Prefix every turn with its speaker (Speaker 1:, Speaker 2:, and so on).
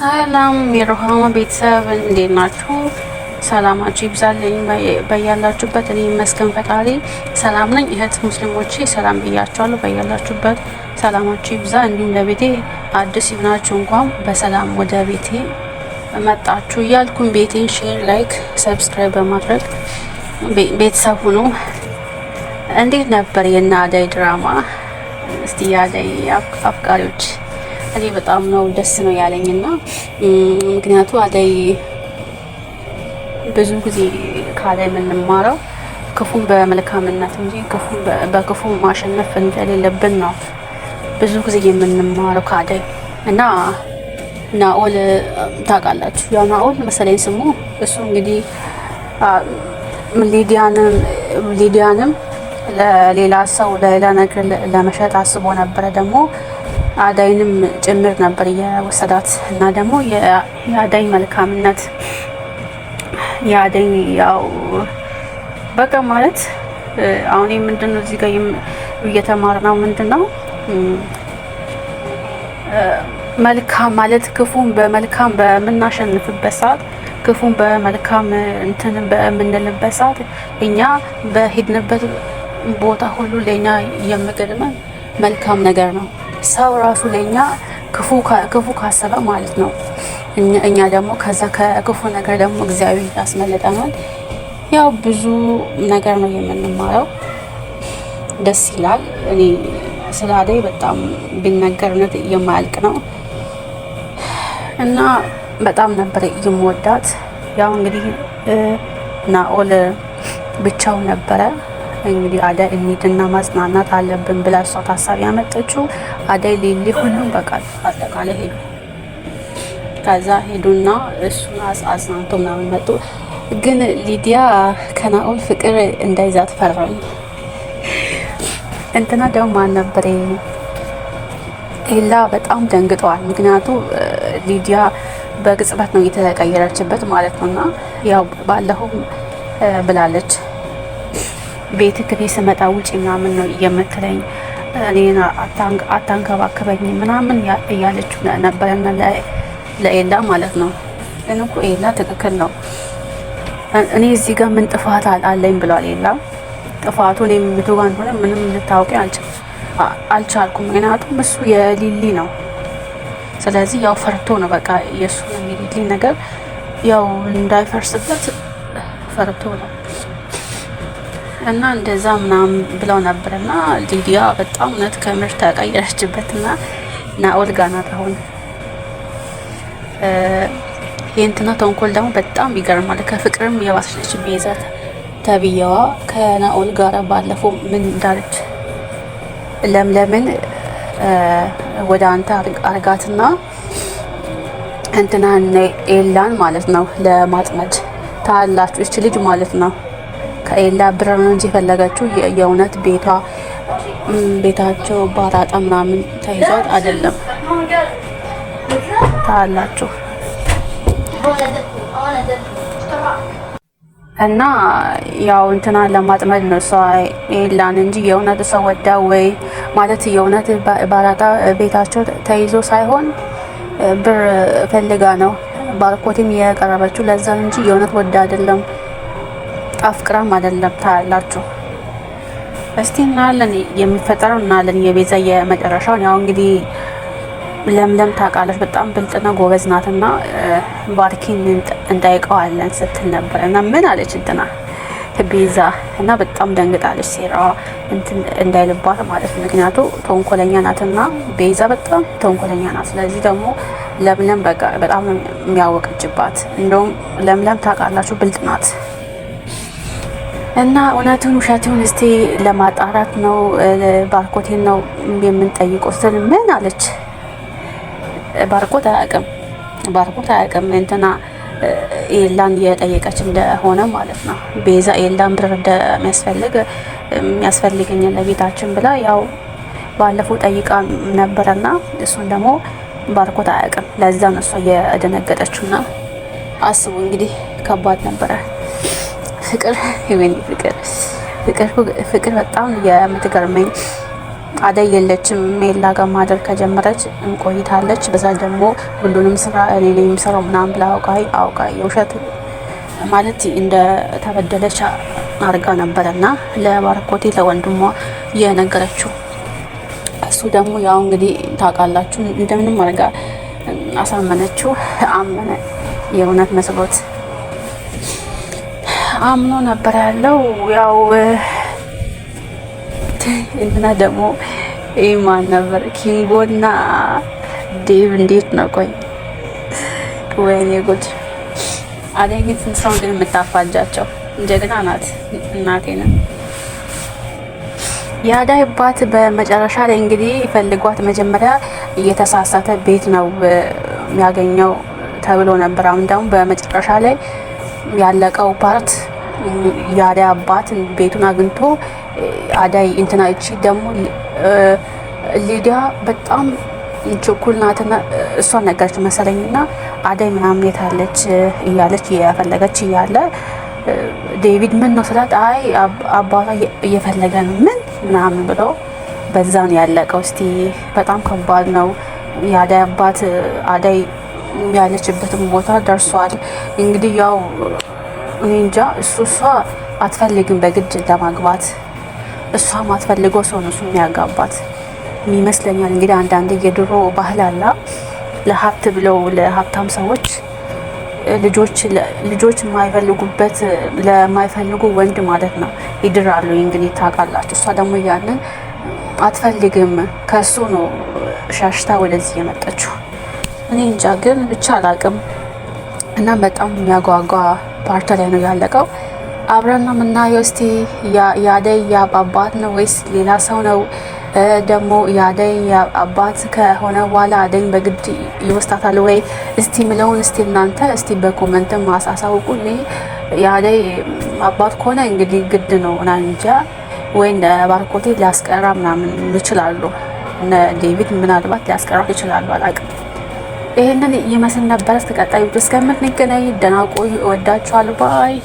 Speaker 1: ሰላም የሮሃማ ቤተሰብ እንዴት ናችሁ? ሰላማችሁ ይብዛልኝ በያላችሁበት። እኔ ይመስገን ፈጣሪ ሰላም ነኝ። እህት ሙስሊሞቼ ሰላም ብያችኋለሁ። በያላችሁበት ሰላማችሁ ይብዛ። እንዲሁም ለቤቴ አዲስ ይሆናችሁ እንኳን በሰላም ወደ ቤቴ መጣችሁ እያልኩም ቤቴን ሼር፣ ላይክ፣ ሰብስክራይብ በማድረግ ቤተሰብ ሁኑ። እንዴት ነበር የአደይ ድራማ? እስቲ የአደይ አፍቃሪዎች እኔ በጣም ነው ደስ ነው ያለኝና ምክንያቱ አደይ ብዙ ጊዜ ካለ የምንማረው ክፉን በመልካምነት እንጂ በክፉ ማሸነፍ እንደሌለብን ነው ብዙ ጊዜ የምንማረው ካደይ እና ናኦል ታውቃላችሁ። ያው ናኦል መሰለኝ ስሙ እሱ እንግዲህ ሊዲያንም ለሌላ ሰው ለሌላ ነገር ለመሸጥ አስቦ ነበረ ደግሞ አዳይንም ጭምር ነበር የወሰዳት እና ደግሞ የአዳይ መልካምነት የአዳይ ያው በቃ ማለት አሁን ምንድን ነው እዚህ ጋር እየተማር ነው ምንድን ነው መልካም ማለት ክፉን በመልካም በምናሸንፍበት ሰዓት ክፉን በመልካም እንትን በምንልበት ሰዓት እኛ በሄድንበት ቦታ ሁሉ ለእኛ የምገድመን መልካም ነገር ነው። ሰው ራሱ ለኛ ክፉ ካሰበ ማለት ነው። እኛ ደግሞ ከዛ ከክፉ ነገር ደግሞ እግዚአብሔር ያስመልጠናል። ያው ብዙ ነገር ነው የምንማረው። ደስ ይላል። እኔ ስለ አደይ በጣም ቢነገርነት የማያልቅ ነው እና በጣም ነበር የምወዳት። ያው እንግዲህ ናኦል ብቻው ነበረ እንግዲህ አደይ እንሂድና ማጽናናት አለብን ብላ እሷ ታሳቢ ያመጠችው አደይ ሊሊ ሁሉም በቃ አጠቃላይ ሄዱ። ከዛ ሄዱና እሱን አጽናንቶ ምናምን መጡ። ግን ሊዲያ ከናኦል ፍቅር እንዳይዛት ፈራኝ። እንትና ደግሞ ማን ነበር ኤላ በጣም ደንግጠዋል። ምክንያቱ ሊዲያ በቅጽበት ነው የተቀየረችበት ማለት ነውና ያው ባለሁም ብላለች ቤት ክቤ ስመጣ ውጪ ምናምን ነው የምትለኝ እኔን አታንከባክበኝ ምናምን እያለች ነበረና ለኤላ ማለት ነው። ግን እኮ ኤላ ትክክል ነው። እኔ እዚህ ጋር ምን ጥፋት አለኝ ብሏል ኤላ። ጥፋቱ እኔ ምትጋ እንደሆነ ምንም ልታውቂ አልቻልኩም፣ ምክንያቱም እሱ የሊሊ ነው። ስለዚህ ያው ፈርቶ ነው በቃ የእሱ የሊሊ ነገር ያው እንዳይፈርስበት ፈርቶ ነው። እና እንደዛ ምናምን ብለው ነበር። እና ሊዲያ በጣም እውነት ከምር ተቀየረችበት እና ናኦል ጋር ናት አሁን። የእንትና ተንኮል ደግሞ በጣም ይገርማል። ከፍቅርም የባሰች ነች ቤዛት ተብዬዋ ከናኦል ጋር ባለፈው ምን እንዳለች ለምለምን ወደ አንተ አርጋትና እንትናን ኤላን ማለት ነው ለማጥመድ ታላችሁ እች ልጅ ማለት ነው ከሌላ ብር ነው እንጂ የፈለገችው የእውነት ቤቷ ቤታቸው ባራጣ ምናምን ተይዟት አይደለም ታላችሁ እና ያው እንትና ለማጥመድ ነው እሷ ኤላን እንጂ የእውነት ሰው ወዳ ወይ ማለት የእውነት ባራጣ ቤታቸው ተይዞ ሳይሆን ብር ፈልጋ ነው ባርኮቴም የቀረበችው ለዛ እንጂ የእውነት ወዳ አይደለም። አፍቅራም አይደለም ታላችሁ እስቲ እናያለን የሚፈጠረው እናያለን። የቤዛ የመጨረሻውን ያው እንግዲህ ለምለም ታውቃለች፣ በጣም ብልጥና ጎበዝ ናት እና ባርኪን እንጠይቀዋለን ስትል ነበር እና ምን አለች እንትና ቤዛ እና በጣም ደንግጣለች። ሴራዋ እንዳይልባት ማለት ምክንያቱ ተንኮለኛ ናትና ቤዛ በጣም ተንኮለኛ ናት። ስለዚህ ደግሞ ለምለም በጣም የሚያወቅጅባት እንደውም ለምለም ታውቃላችሁ ብልጥ ናት። እና እውነቱን ውሸቱን እስቲ ለማጣራት ነው ባርኮቴን ነው የምንጠይቀው ስል ምን አለች? ባርኮት አያውቅም፣ ባርኮት አያውቅም እንትና ኤላን እየጠየቀች እንደሆነ ማለት ነው። ቤዛ ኤላን ብር እንደሚያስፈልግ የሚያስፈልገኝ ለቤታችን ብላ ያው ባለፈው ጠይቃ ነበረና እሱን ደግሞ ባርኮት አያውቅም። ለዛ ነው እሷ እየደነገጠችውና አስቡ እንግዲህ ከባድ ነበረ። ፍቅር የወይኔ ፍቅር ፍቅር በጣም የምትገርመኝ አደይ የለችም። ሜላ ጋር ማደር ከጀመረች እንቆይታለች። በዛ ደግሞ ሁሉንም ስራ እኔ ነኝ የምሰራው ምናምን ብላ አውቃ አውቃ የውሸት ማለት እንደ ተበደለች አርጋ ነበረ እና ለባርኮቴ ለወንድሟ የነገረችው እሱ ደግሞ ያው እንግዲህ ታውቃላችሁ እንደምንም አርጋ አሳመነችው። አመነ የእውነት መስሎት አምኖ ነበር ያለው። ያው እና ደግሞ ኢማን ነበር ኪንጎና ዴቭ እንዴት ነው? ቆይ ወይኔ ጉድ አዴ ግን ሰው ግን የምታፋጃቸው ጀግና ናት። እናቴን የአዳይ ባት በመጨረሻ ላይ እንግዲህ ፈልጓት መጀመሪያ እየተሳሳተ ቤት ነው የሚያገኘው ተብሎ ነበር። አሁን ደግሞ በመጨረሻ ላይ ያለቀው ፓርት የአዳይ አባትን ቤቱን አግኝቶ አዳይ እንትና እቺ ደግሞ ሊዲያ በጣም ችኩል ናትና እሷን ነገረች መሰለኝና አዳይ ምናምን የታለች እያለች እያፈለገች እያለ ዴቪድ ምን ነው ስላት፣ አይ አባቷ እየፈለገ ነው ምን ምናምን ብሎ በዛን ያለቀው። እስቲ በጣም ከባድ ነው። የአዳይ አባት አዳይ ያለችበትም ቦታ ደርሷል። እንግዲህ ያው እንጃ እሱ እሷ አትፈልግም በግድ ለማግባት እሷ አትፈልገው ሰው ነው እሱ የሚያጋባት ይመስለኛል። እንግዲህ አንዳንድ የድሮ ባህል አላ ለሀብት ብለው ለሀብታም ሰዎች ልጆች የማይፈልጉበት ለማይፈልጉ ወንድ ማለት ነው ይድራሉ። እንግዲህ ታውቃላችሁ። እሷ ደግሞ ያንን አትፈልግም ከእሱ ነው ሻሽታ ወደዚህ የመጣችው። እኔ እንጃ ግን ብቻ አላቅም እና በጣም የሚያጓጓ ፓርታ ላይ ነው ያለቀው። አብረን ነው የምናየው። እስቲ የአደይ አባት ነው ወይስ ሌላ ሰው ነው? ደግሞ የአደይ አባት ከሆነ በኋላ አደይን በግድ ይወስዳታል ወይ? እስቲ ምለውን እስቲ እናንተ እስቲ በኮመንትም አሳውቁኝ። የአደይ አባት ከሆነ እንግዲህ ግድ ነው ና እንጃ ወይ ባርኮቴ ሊያስቀራ ምናምን ይችላሉ። ዴቪድ ምናልባት ሊያስቀራ ይችላሉ፣ አላውቅም ይህንን ይመስል ነበር። እስከ ቀጣይ እስከምንገናኝ ደህና ቆዩ። እወዳችኋለሁ። ባይ